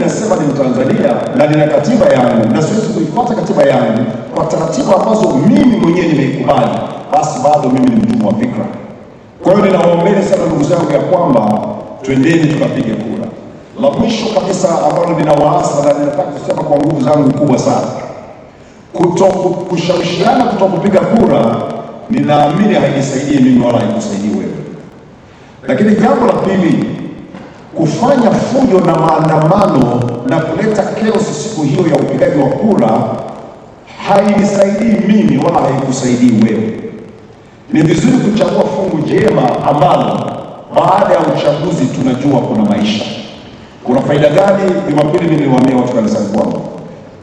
ninasema ni Mtanzania na nina katiba yangu, na siwezi kuifuata katiba yangu kwa taratibu ambazo mimi mwenyewe nimeikubali, basi bado mimi ni mtumwa wa fikra. Kwa hiyo ninawaombeni sana ndugu zangu ya kwamba twendeni tukapige kura. La mwisho kabisa ambalo ninawaasa na ninataka kusema kwa nguvu zangu kubwa sana, kushawishiana kuto kupiga kura, ninaamini haijisaidii mimi wala haikusaidii wewe. Lakini jambo la pili kufanya fujo na maandamano na kuleta chaos siku hiyo ya upigaji wa kura hainisaidii mimi wala haikusaidii wewe. Ni vizuri kuchagua fungu jema ambalo baada ya uchaguzi tunajua kuna maisha, kuna faida gani. Jumapili mimi niliwaambia watu kanisani kwangu,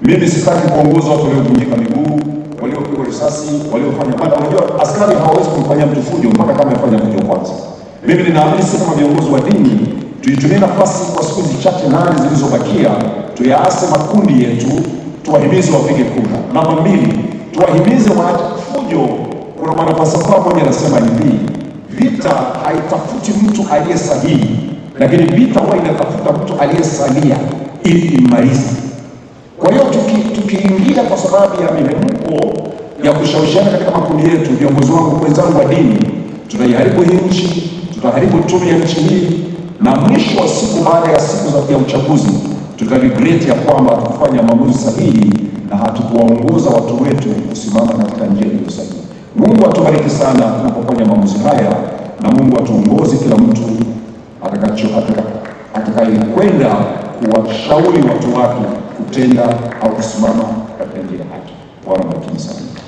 mimi sitaki kuongoza watu waliovunjika miguu, waliopigwa risasi, waliofanya bada. Unajua askari hawawezi kumfanya mtu fujo mpaka kama afanya fujo kwanza. Mimi ninaamini sisi kama viongozi wa dini tuitumie nafasi kwa siku chache nane zilizobakia, tuyaase makundi yetu, tuwahimize wapige kura. Namba mbili, tuwahimize waache fujo. Kuna mwanafalsafa mmoja anasema hivi, vita haitafuti mtu aliye sahihi, lakini vita huwa inatafuta mtu aliyesalia ili imalize. Kwa hiyo tukiingia tuki kwa sababu ya mihemko ya kushawishiana katika makundi yetu, viongozi wangu, wenzangu wa dini, tunaiharibu hii nchi, tutaharibu tume ya nchi hii na mwisho wa siku, baada ya siku za uchaguzi, tutaregreti ya kwamba hatukufanya maamuzi sahihi na hatukuwaongoza watu wetu kusimama katika njia iliyo sahihi. Mungu atubariki sana tunapofanya maamuzi haya, na Mungu atuongoze kila mtu atakayekwenda kuwashauri watu wake kutenda au kusimama katika njia ya haki. Bwana, makini sana.